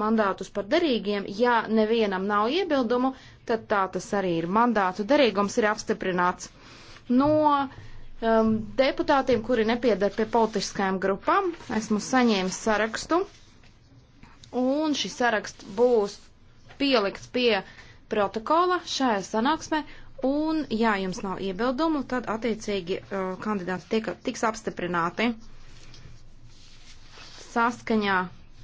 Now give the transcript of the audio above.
mandātus par derīgiem, ja nevienam nav iebildumu, tad tā tas arī ir. Mandātu derīgums ir apstiprināts no um, deputātiem, kuri nepiedar pie politiskajām grupām. Esmu saņēmis sarakstu, un šis saraksts būs pielikts pie protokola šajā sanāksmē, un ja jums nav iebildumu, tad attiecīgi uh, kandidāti tiek, tiks apstiprināti saskaņā